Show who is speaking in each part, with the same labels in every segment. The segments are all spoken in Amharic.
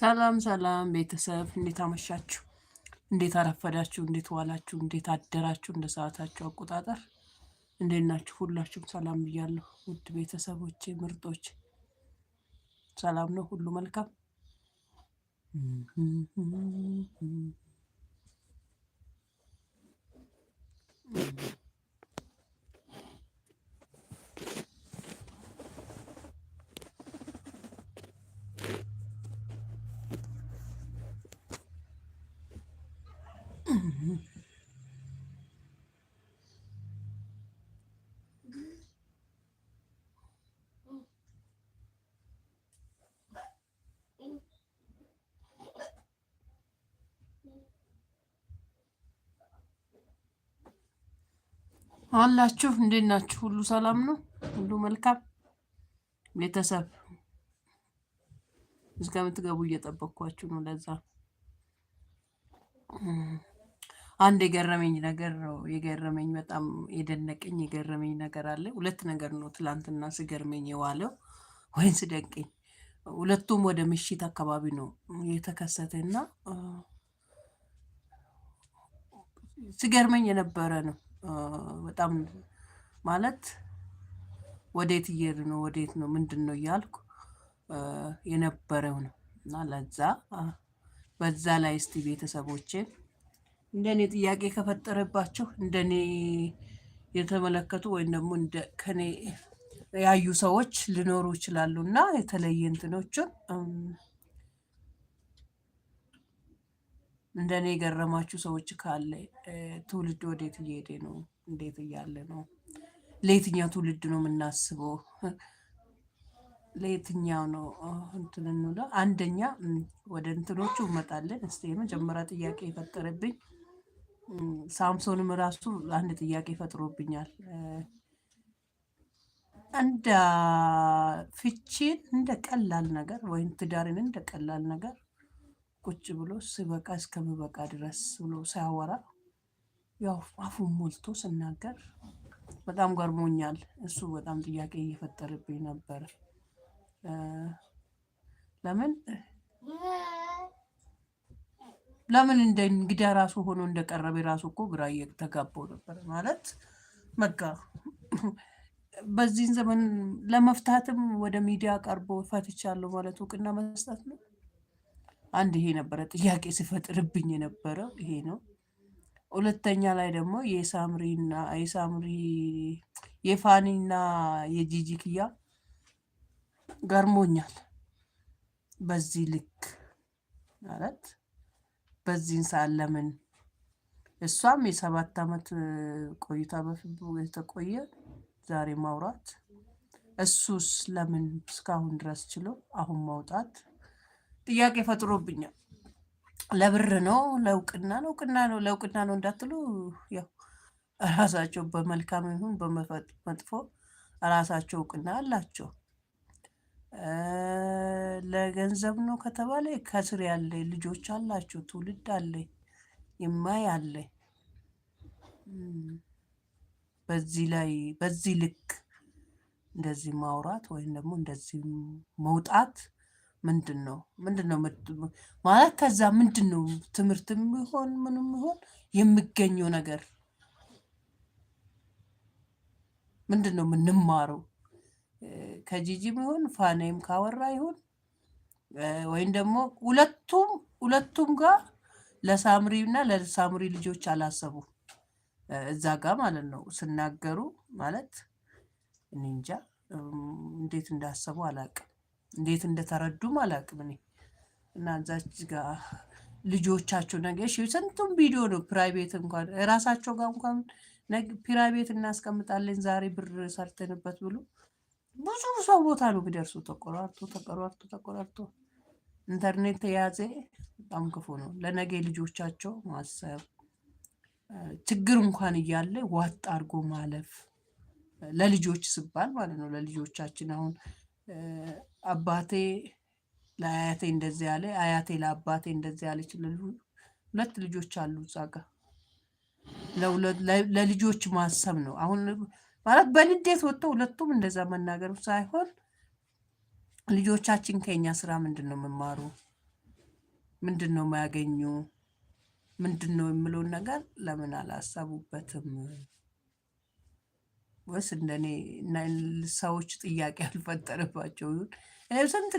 Speaker 1: ሰላም ሰላም ቤተሰብ እንዴት አመሻችሁ? እንዴት አረፈዳችሁ? እንዴት ዋላችሁ? እንዴት አደራችሁ? እንደ ሰዓታችሁ አቆጣጠር እንዴት ናችሁ? ሁላችሁም ሰላም ብያለሁ። ውድ ቤተሰቦቼ ምርጦች፣ ሰላም ነው ሁሉ መልካም። አላችሁ እንዴት ናችሁ? ሁሉ ሰላም ነው? ሁሉ መልካም ቤተሰብ፣ እስከምትገቡ እየጠበኳችሁ ነው። ለዛ አንድ የገረመኝ ነገር ነው የገረመኝ በጣም የደነቀኝ የገረመኝ ነገር አለ። ሁለት ነገር ነው ትላንትና ስገርመኝ የዋለው ወይም ስደንቀኝ፣ ሁለቱም ወደ ምሽት አካባቢ ነው የተከሰተ እና ስገርመኝ የነበረ ነው። በጣም ማለት ወዴት እየሄድ ነው ወዴት ነው ምንድን ነው እያልኩ የነበረው ነው እና ለዛ በዛ ላይ እስቲ ቤተሰቦችን? እንደኔ ጥያቄ ከፈጠረባቸው እንደኔ የተመለከቱ ወይም ደግሞ ከኔ ያዩ ሰዎች ሊኖሩ ይችላሉ እና የተለየ እንትኖችን እንደኔ የገረማችሁ ሰዎች ካለ ትውልድ ወዴት እየሄደ ነው? እንዴት እያለ ነው? ለየትኛው ትውልድ ነው የምናስበው? ለየትኛው ነው እንትን አንደኛ ወደ እንትኖቹ እመጣለን። እስኪ የመጀመሪያ ጥያቄ የፈጠረብኝ ሳምሶንም ራሱ አንድ ጥያቄ ፈጥሮብኛል። እንደ ፍቺን እንደ ቀላል ነገር ወይም ትዳርን እንደ ቀላል ነገር ቁጭ ብሎ ስበቃ እስከምበቃ ድረስ ብሎ ሲያወራ ያው አፉን ሞልቶ ስናገር በጣም ገርሞኛል። እሱ በጣም ጥያቄ እየፈጠረብኝ ነበር ለምን ለምን እንደ እንግዳ ራሱ ሆኖ እንደቀረበ ራሱ እኮ ግራ እየተጋባው ነበር። ማለት በቃ በዚህን ዘመን ለመፍታትም ወደ ሚዲያ ቀርቦ ፈትቻለሁ ማለት እውቅና መስጠት ነው። አንድ ይሄ ነበረ ጥያቄ ሲፈጥርብኝ የነበረው ይሄ ነው። ሁለተኛ ላይ ደግሞ የሳምሪና የሳምሪ የፋኒና የጂጂ ክያ ገርሞኛል። በዚህ ልክ ማለት በዚህን ሰዓት ለምን እሷም የሰባት ዓመት ቆይታ በፊት የተቆየ ዛሬ ማውራት እሱስ ለምን እስካሁን ድረስ ችሎ አሁን ማውጣት ጥያቄ ፈጥሮብኛል። ለብር ነው ለእውቅና ነው እውቅና ነው ለእውቅና ነው እንዳትሉ፣ ያው ራሳቸው በመልካም ይሁን በመጥፎ ራሳቸው እውቅና አላቸው። ለገንዘብ ነው ከተባለ ከስር ያለ ልጆች አላቸው ትውልድ አለ፣ ይማይ አለ። በዚህ ላይ በዚህ ልክ እንደዚህ ማውራት ወይም ደግሞ እንደዚህ መውጣት ምንድን ነው ምንድን ነው ማለት ከዛ ምንድን ነው ትምህርት ይሆን ምንም ይሆን የሚገኘው ነገር ምንድን ነው የምንማረው? ከጂጂም ይሁን ፋኔም ካወራ ይሁን ወይም ደግሞ ሁለቱም ሁለቱም ጋር ለሳምሪ እና ለሳምሪ ልጆች አላሰቡ እዛ ጋር ማለት ነው ስናገሩ ማለት እንጃ እንዴት እንዳሰቡ አላቅም፣ እንዴት እንደተረዱም አላቅም። እኔ እና እዛች ጋር ልጆቻቸው ነገ ስንቱም ቪዲዮ ነው ፕራይቬት እንኳን ራሳቸው ጋር እንኳን ፕራይቬት እናስቀምጣለን ዛሬ ብር ሰርተንበት ብሎ ብዙ ሰው ቦታ ነው ቢደርሱ ተቆራርቶ ተቆራርቶ ተቆራርቶ ኢንተርኔት ተያዘ። በጣም ክፉ ነው። ለነገ ልጆቻቸው ማሰብ ችግር እንኳን እያለ ዋጥ አድርጎ ማለፍ ለልጆች ሲባል ማለት ነው። ለልጆቻችን አሁን አባቴ ለአያቴ እንደዚህ ያለ አያቴ ለአባቴ እንደዚህ ያለ ሁለት ልጆች አሉ ጻጋ ለልጆች ማሰብ ነው አሁን ማለት በንዴት ወጥቶ ሁለቱም እንደዛ መናገሩ ሳይሆን ልጆቻችን ከኛ ስራ ምንድን ነው የምማሩ፣ ምንድን ነው የማያገኙ፣ ምንድን ነው የምለውን ነገር ለምን አላሰቡበትም? ወይስ እንደኔ ሰዎች ጥያቄ አልፈጠረባቸው ይሁን? እኔ ስንት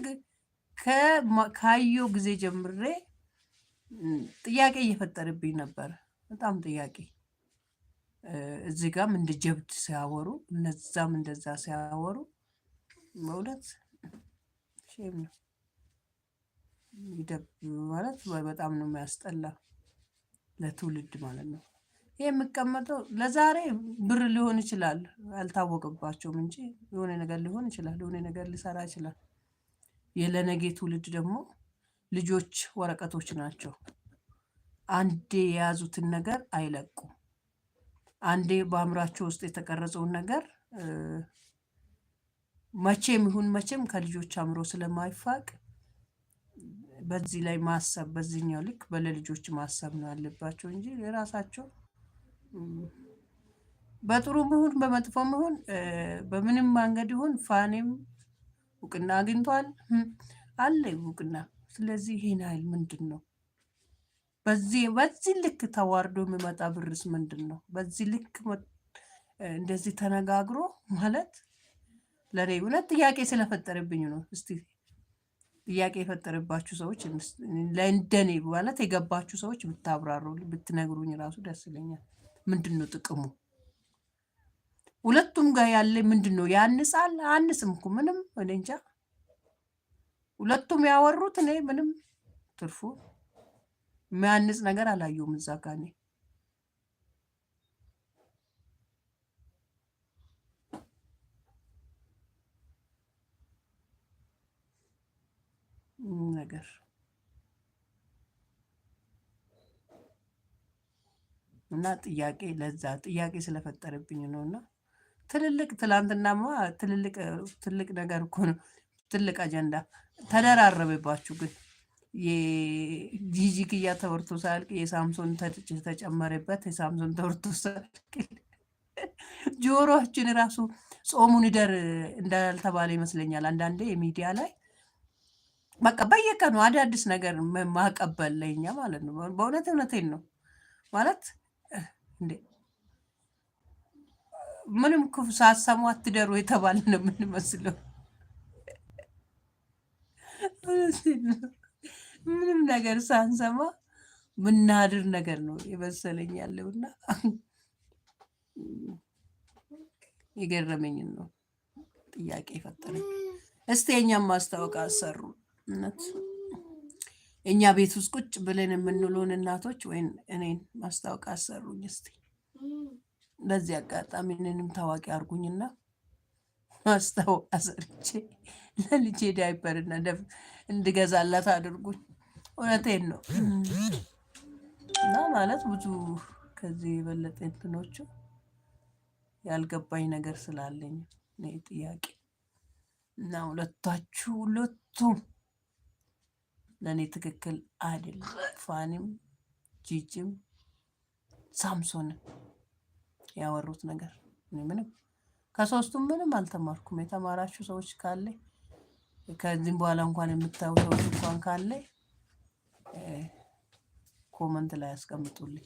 Speaker 1: ካየው ጊዜ ጀምሬ ጥያቄ እየፈጠረብኝ ነበር። በጣም ጥያቄ እዚህ ጋም እንደ ጀብድ ሲያወሩ እነዛም እንደዛ ሲያወሩ በእውነት ሼም ነው ይደብ ማለት በጣም ነው የሚያስጠላ ለትውልድ ማለት ነው። ይህ የሚቀመጠው ለዛሬ ብር ሊሆን ይችላል፣ አልታወቅባቸውም እንጂ የሆነ ነገር ሊሆን ይችላል፣ የሆነ ነገር ሊሰራ ይችላል። የለነገ ትውልድ ደግሞ ልጆች ወረቀቶች ናቸው። አንዴ የያዙትን ነገር አይለቁም። አንዴ በአእምሯቸው ውስጥ የተቀረጸውን ነገር መቼም ይሁን መቼም ከልጆች አእምሮ ስለማይፋቅ በዚህ ላይ ማሰብ በዚህኛው ልክ በለልጆች ማሰብ ነው ያለባቸው እንጂ የራሳቸው በጥሩ ይሁን በመጥፎ ይሁን በምንም መንገድ ይሁን ፋኔም እውቅና አግኝቷል አለ እውቅና። ስለዚህ ይህን ያህል ምንድን ነው በዚህ በዚህ ልክ ተዋርዶ የሚመጣ ብርስ ምንድን ነው? በዚህ ልክ እንደዚህ ተነጋግሮ ማለት ለእኔ እውነት ጥያቄ ስለፈጠረብኝ ነው። እስቲ ጥያቄ የፈጠረባችሁ ሰዎች ለእንደኔ ማለት የገባችሁ ሰዎች ብታብራሩ ብትነግሩኝ ራሱ ደስ ይለኛል። ምንድን ነው ጥቅሙ? ሁለቱም ጋር ያለ ምንድን ነው ያንሳል አንስም እኮ ምንም እኔ እንጃ። ሁለቱም ያወሩት እኔ ምንም ትርፉ የሚያንጽ ነገር አላየውም እዛ ጋ እኔ ነገር እና ጥያቄ ለዛ ጥያቄ ስለፈጠረብኝ ነው። እና ትልልቅ ትላንትናማ ትልልቅ ነገር እኮ ነው። ትልቅ አጀንዳ ተደራረበባችሁ ግን የጂጂክያ ተወርቶ ሳልቅ የሳምሶን ተጨመረበት። የሳምሶን ተወርቶ ሳልቅ ጆሮችን ራሱ ጾሙን ይደር እንዳልተባለ ይመስለኛል። አንዳንዴ የሚዲያ ላይ በቃ በየቀኑ አዳዲስ ነገር ማቀበል ለኛ ማለት ነው። በእውነት እውነቴን ነው ማለት እንዴ ምንም ክፉ ሳሰሙ አትደሩ የተባለ ነው የምንመስለው። ምንም ነገር ሳንሰማ ምናድር ነገር ነው የመሰለኝ ያለውና የገረመኝን ነው ጥያቄ የፈጠረኝ። እስቲ የእኛም ማስታወቂያ አሰሩ እነት እኛ ቤት ውስጥ ቁጭ ብለን የምንሉን እናቶች ወይም እኔን ማስታወቂያ አሰሩኝ። እስቲ በዚህ አጋጣሚ እኔንም ታዋቂ አድርጉኝና ማስታወ ሰርቼ ለልጄ ዳይፐርና ደፍ እንድገዛላት አድርጉኝ። እውነቴን ነው እና ማለት ብዙ ከዚህ የበለጠ እንትኖቹ ያልገባኝ ነገር ስላለኝ ነው ጥያቄ እና ሁለታችሁ ሁለቱም ለእኔ ትክክል አይደለም። ፋኒም ጂጂም ሳምሶንም ያወሩት ነገር እኔ ምንም ከሶስቱም ምንም አልተማርኩም። የተማራችሁ ሰዎች ካለ ከዚህም በኋላ እንኳን የምታዩ ሰዎች እንኳን ካለ ኮመንት ላይ ያስቀምጡልኝ።